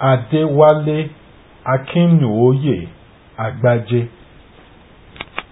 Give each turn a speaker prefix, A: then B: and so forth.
A: Adéwálé Akínúòyè Àgbájé